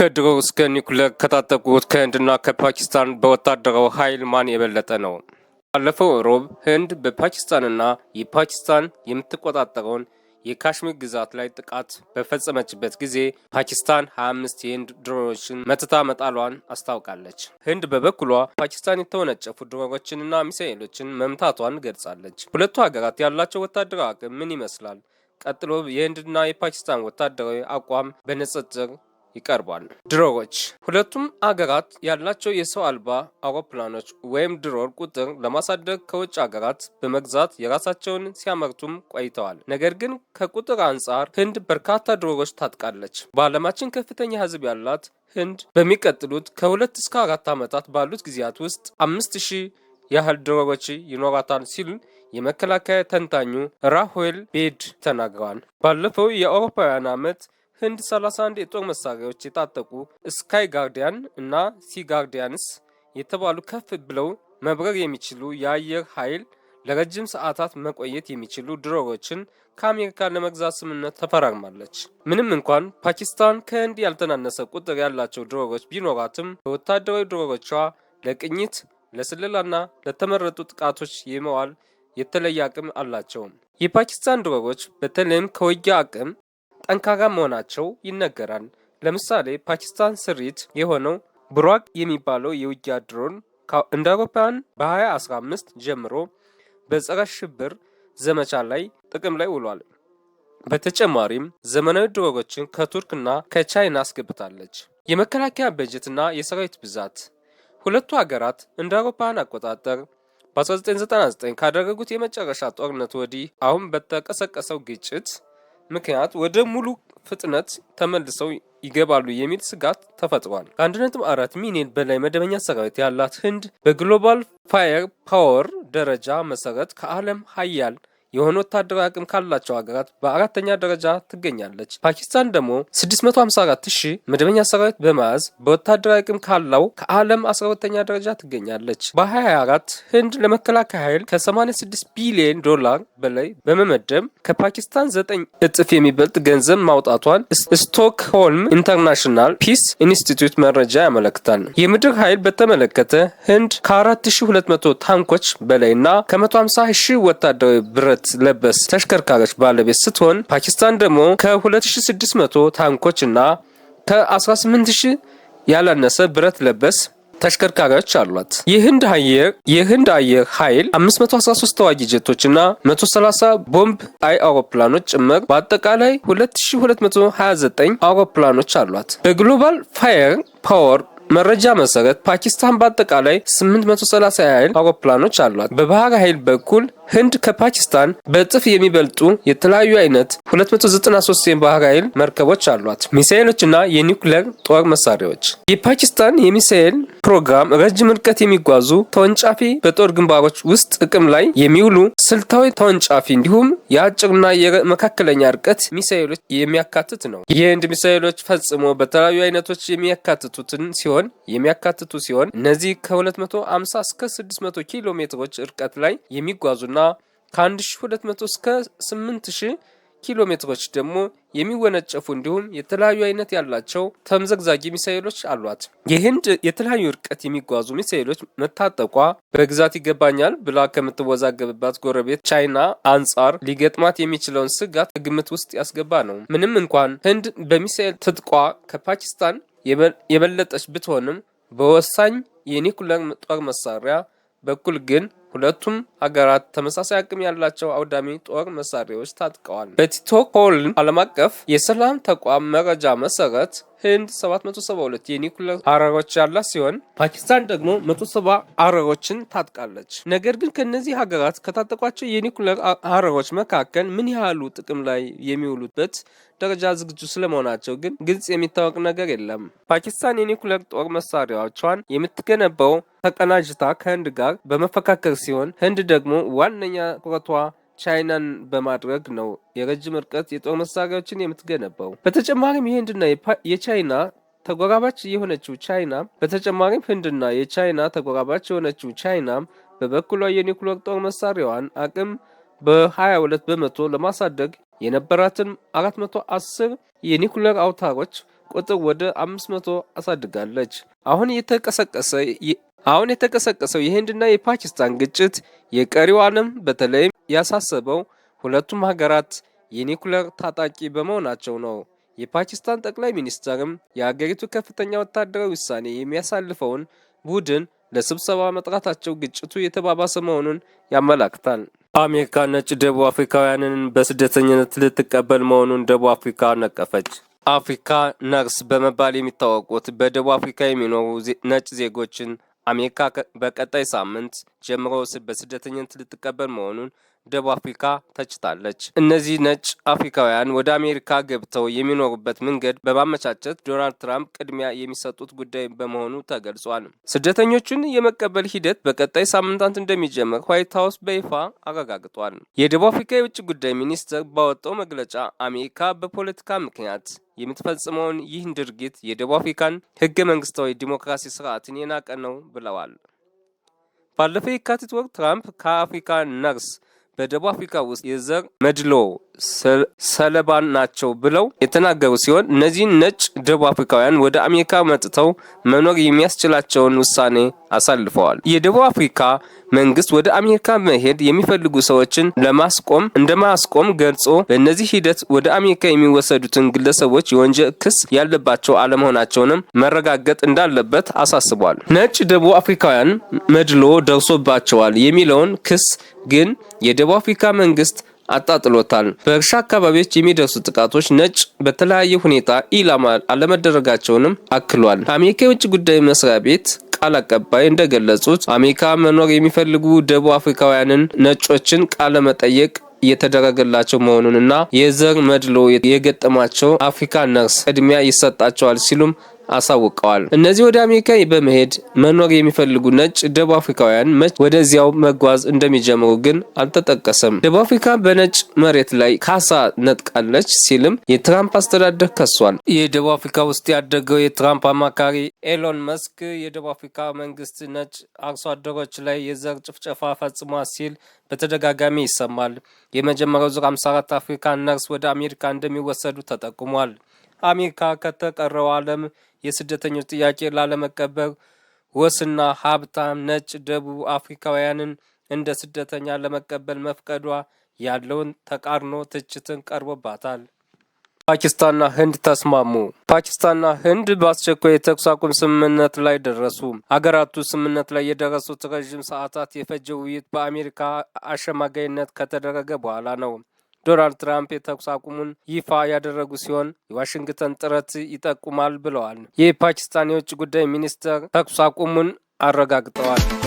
ከድሮ እስከ ኒኩለር ከታጠቁት ከህንድና ከፓኪስታን በወታደራዊ ኃይል ማን የበለጠ ነው? ባለፈው ሮብ ህንድ በፓኪስታንና የፓኪስታን የምትቆጣጠረውን የካሽሚር ግዛት ላይ ጥቃት በፈጸመችበት ጊዜ ፓኪስታን 25 የህንድ ድሮኖችን መትታ መጣሏን አስታውቃለች። ህንድ በበኩሏ ፓኪስታን የተወነጨፉ ድሮኖችንና ሚሳኤሎችን መምታቷን ገልጻለች። ሁለቱ ሀገራት ያላቸው ወታደራዊ አቅም ምን ይመስላል? ቀጥሎ የህንድና የፓኪስታን ወታደራዊ አቋም በንጽጽር ይቀርባል። ድሮዎች ሁለቱም አገራት ያላቸው የሰው አልባ አውሮፕላኖች ወይም ድሮን ቁጥር ለማሳደግ ከውጭ አገራት በመግዛት የራሳቸውን ሲያመርቱም ቆይተዋል። ነገር ግን ከቁጥር አንጻር ህንድ በርካታ ድሮዎች ታጥቃለች። በዓለማችን ከፍተኛ ህዝብ ያላት ህንድ በሚቀጥሉት ከሁለት እስከ አራት ዓመታት ባሉት ጊዜያት ውስጥ አምስት ሺህ ያህል ድሮዎች ይኖራታል ሲል የመከላከያ ተንታኙ ራሆል ቤድ ተናግረዋል። ባለፈው የአውሮፓውያን ዓመት ህንድ 31 የጦር መሳሪያዎች የታጠቁ ስካይ ጋርዲያን እና ሲ ጋርዲያንስ የተባሉ ከፍ ብለው መብረር የሚችሉ የአየር ኃይል ለረጅም ሰዓታት መቆየት የሚችሉ ድሮኖችን ከአሜሪካ ለመግዛት ስምምነት ተፈራርማለች። ምንም እንኳን ፓኪስታን ከህንድ ያልተናነሰ ቁጥር ያላቸው ድሮኖች ቢኖራትም በወታደራዊ ድሮኖቿ ለቅኝት፣ ለስለላና ለተመረጡ ጥቃቶች የመዋል የተለየ አቅም አላቸውም። የፓኪስታን ድሮኖች በተለይም ከውጊያ አቅም ጠንካራ መሆናቸው ይነገራል። ለምሳሌ ፓኪስታን ስሪት የሆነው ብሯቅ የሚባለው የውጊያ ድሮን እንደ አውሮፓውያን በ2015 ጀምሮ በጸረ ሽብር ዘመቻ ላይ ጥቅም ላይ ውሏል። በተጨማሪም ዘመናዊ ድሮኖችን ከቱርክና ከቻይና አስገብታለች። የመከላከያ በጀትና የሰራዊት ብዛት ሁለቱ ሀገራት እንደ አውሮፓውያን አቆጣጠር በ1999 ካደረጉት የመጨረሻ ጦርነት ወዲህ አሁን በተቀሰቀሰው ግጭት ምክንያት ወደ ሙሉ ፍጥነት ተመልሰው ይገባሉ የሚል ስጋት ተፈጥሯል። ከ1.4 ሚሊዮን በላይ መደበኛ ሰራዊት ያላት ህንድ በግሎባል ፋየር ፓወር ደረጃ መሰረት ከዓለም ሀያል የሆነ ወታደራዊ አቅም ካላቸው ሀገራት በአራተኛ ደረጃ ትገኛለች። ፓኪስታን ደግሞ 654 ሺህ መደበኛ ሰራዊት በመያዝ በወታደራዊ አቅም ካለው ከዓለም 12ተኛ ደረጃ ትገኛለች። በ24 ህንድ ለመከላከያ ኃይል ከ86 ቢሊዮን ዶላር በላይ በመመደብ ከፓኪስታን 9 እጥፍ የሚበልጥ ገንዘብ ማውጣቷን ስቶክሆልም ኢንተርናሽናል ፒስ ኢንስቲትዩት መረጃ ያመለክታል። የምድር ኃይል በተመለከተ ህንድ ከ4200 ታንኮች በላይና ከ150 ሺህ ወታደራዊ ብረት ለበስ ተሽከርካሪዎች ባለቤት ስትሆን ፓኪስታን ደግሞ ከ2600 ታንኮች እና ከ18000 ያላነሰ ብረት ለበስ ተሽከርካሪዎች አሏት። የህንድ አየር የህንድ አየር ኃይል 513 ተዋጊ ጀቶችና 130 ቦምብ አይ አውሮፕላኖች ጭምር በአጠቃላይ 2229 አውሮፕላኖች አሏት። በግሎባል ፋየር ፓወር መረጃ መሰረት ፓኪስታን በአጠቃላይ 830 ያህል አውሮፕላኖች አሏት። በባህር ኃይል በኩል ህንድ ከፓኪስታን በእጥፍ የሚበልጡ የተለያዩ አይነት 293 የባህር ኃይል መርከቦች አሏት፣ ሚሳኤሎችና የኒውክሌር ጦር መሳሪያዎች። የፓኪስታን የሚሳኤል ፕሮግራም ረጅም ርቀት የሚጓዙ ተወንጫፊ፣ በጦር ግንባሮች ውስጥ ጥቅም ላይ የሚውሉ ስልታዊ ተወንጫፊ እንዲሁም የአጭርና የመካከለኛ ርቀት ሚሳኤሎች የሚያካትት ነው። የህንድ ሚሳኤሎች ፈጽሞ በተለያዩ አይነቶች የሚያካትቱትን ሲሆን የሚያካትቱ ሲሆን እነዚህ ከ250 እስከ 600 ኪሎ ሜትሮች ርቀት ላይ የሚጓዙና እና ከ1200 እስከ 8000 ኪሎ ሜትሮች ደግሞ የሚወነጨፉ እንዲሁም የተለያዩ አይነት ያላቸው ተምዘግዛጊ ሚሳኤሎች አሏት። የህንድ የተለያዩ እርቀት የሚጓዙ ሚሳኤሎች መታጠቋ በግዛት ይገባኛል ብላ ከምትወዛገብባት ጎረቤት ቻይና አንጻር ሊገጥማት የሚችለውን ስጋት ግምት ውስጥ ያስገባ ነው። ምንም እንኳን ህንድ በሚሳኤል ትጥቋ ከፓኪስታን የበለጠች ብትሆንም በወሳኝ የኒኩለር ጦር መሳሪያ በኩል ግን ሁለቱም ሀገራት ተመሳሳይ አቅም ያላቸው አውዳሚ ጦር መሳሪያዎች ታጥቀዋል። በቲቶ ዓለም አቀፍ የሰላም ተቋም መረጃ መሰረት ህንድ 772 የኒኩለር አረሮች ያላት ሲሆን ፓኪስታን ደግሞ 170 አረሮችን ታጥቃለች። ነገር ግን ከእነዚህ ሀገራት ከታጠቋቸው የኒኩለር አረሮች መካከል ምን ያህሉ ጥቅም ላይ የሚውሉበት ደረጃ ዝግጁ ስለመሆናቸው ግን ግልጽ የሚታወቅ ነገር የለም። ፓኪስታን የኒኩለር ጦር መሳሪያዎቿን የምትገነባው ተቀናጅታ ከህንድ ጋር በመፈካከር ሲሆን ህንድ ደግሞ ዋነኛ ትኩረቷ ቻይናን በማድረግ ነው የረጅም ርቀት የጦር መሳሪያዎችን የምትገነባው። በተጨማሪም የህንድና የቻይና ተጎራባች የሆነችው ቻይና በተጨማሪም ህንድና የቻይና ተጎራባች የሆነችው ቻይና በበኩሏ የኒኩሌር ጦር መሳሪያዋን አቅም በ22 በመቶ ለማሳደግ የነበራትን 410 የኒኩሌር አውታሮች ቁጥር ወደ 500 አሳድጋለች። አሁን የተቀሰቀሰ አሁን የተቀሰቀሰው የህንድና የፓኪስታን ግጭት የቀሪው ዓለም በተለይም ያሳሰበው ሁለቱም ሀገራት የኒኩለር ታጣቂ በመሆናቸው ነው። የፓኪስታን ጠቅላይ ሚኒስትርም የሀገሪቱ ከፍተኛ ወታደራዊ ውሳኔ የሚያሳልፈውን ቡድን ለስብሰባ መጥራታቸው ግጭቱ የተባባሰ መሆኑን ያመላክታል። አሜሪካ ነጭ ደቡብ አፍሪካውያንን በስደተኝነት ልትቀበል መሆኑን ደቡብ አፍሪካ ነቀፈች። አፍሪካ ነርስ በመባል የሚታወቁት በደቡብ አፍሪካ የሚኖሩ ነጭ ዜጎችን አሜሪካ በቀጣይ ሳምንት ጀምሮ በስደተኝነት ልትቀበል መሆኑን ደቡብ አፍሪካ ተችታለች። እነዚህ ነጭ አፍሪካውያን ወደ አሜሪካ ገብተው የሚኖሩበት መንገድ በማመቻቸት ዶናልድ ትራምፕ ቅድሚያ የሚሰጡት ጉዳይ በመሆኑ ተገልጿል። ስደተኞቹን የመቀበል ሂደት በቀጣይ ሳምንታት እንደሚጀምር ዋይት ሀውስ በይፋ አረጋግጧል። የደቡብ አፍሪካ የውጭ ጉዳይ ሚኒስትር ባወጣው መግለጫ አሜሪካ በፖለቲካ ምክንያት የምትፈጽመውን ይህን ድርጊት የደቡብ አፍሪካን ህገ መንግስታዊ ዲሞክራሲ ስርዓትን የናቀ ነው ብለዋል። ባለፈው የካቲት ወቅት ትራምፕ ከአፍሪካ ነርስ በደቡብ አፍሪካ ውስጥ የዘር መድሎ ሰለባ ናቸው ብለው የተናገሩ ሲሆን እነዚህን ነጭ ደቡብ አፍሪካውያን ወደ አሜሪካ መጥተው መኖር የሚያስችላቸውን ውሳኔ አሳልፈዋል። የደቡብ አፍሪካ መንግስት ወደ አሜሪካ መሄድ የሚፈልጉ ሰዎችን ለማስቆም እንደማስቆም ገልጾ በእነዚህ ሂደት ወደ አሜሪካ የሚወሰዱትን ግለሰቦች የወንጀል ክስ ያለባቸው አለመሆናቸውንም መረጋገጥ እንዳለበት አሳስቧል። ነጭ ደቡብ አፍሪካውያን መድሎ ደርሶባቸዋል የሚለውን ክስ ግን የደቡብ አፍሪካ መንግስት አጣጥሎታል። በእርሻ አካባቢዎች የሚደርሱ ጥቃቶች ነጭ በተለያየ ሁኔታ ኢላማ አለመደረጋቸውንም አክሏል። አሜሪካ የውጭ ጉዳይ መስሪያ ቤት ቃል አቀባይ እንደገለጹት አሜሪካ መኖር የሚፈልጉ ደቡብ አፍሪካውያንን ነጮችን ቃለ መጠየቅ እየተደረገላቸው መሆኑንና የዘር መድሎ የገጠማቸው አፍሪካ ነርስ ቅድሚያ ይሰጣቸዋል ሲሉም አሳውቀዋል። እነዚህ ወደ አሜሪካ በመሄድ መኖር የሚፈልጉ ነጭ ደቡብ አፍሪካውያን መች ወደዚያው መጓዝ እንደሚጀምሩ ግን አልተጠቀሰም። ደቡብ አፍሪካ በነጭ መሬት ላይ ካሳ ነጥቃለች ሲልም የትራምፕ አስተዳደር ከሷል። የደቡብ አፍሪካ ውስጥ ያደገው የትራምፕ አማካሪ ኤሎን መስክ የደቡብ አፍሪካ መንግስት ነጭ አርሶ አደሮች ላይ የዘር ጭፍጨፋ ፈጽሟል ሲል በተደጋጋሚ ይሰማል። የመጀመሪያው ዙር 54 አፍሪካን ነርስ ወደ አሜሪካ እንደሚወሰዱ ተጠቁሟል። አሜሪካ ከተቀረው ዓለም የስደተኞች ጥያቄ ላለመቀበል ወስና ሀብታም ነጭ ደቡብ አፍሪካውያንን እንደ ስደተኛ ለመቀበል መፍቀዷ ያለውን ተቃርኖ ትችትን ቀርቦባታል። ፓኪስታንና ህንድ ተስማሙ። ፓኪስታንና ህንድ በአስቸኳይ የተኩስ አቁም ስምምነት ላይ ደረሱ። አገራቱ ስምምነት ላይ የደረሱት ረዥም ሰዓታት የፈጀ ውይይት በአሜሪካ አሸማጋይነት ከተደረገ በኋላ ነው። ዶናልድ ትራምፕ የተኩስ አቁሙን ይፋ ያደረጉ ሲሆን የዋሽንግተን ጥረት ይጠቁማል ብለዋል። የፓኪስታን የውጭ ጉዳይ ሚኒስትር ተኩስ አቁሙን አረጋግጠዋል።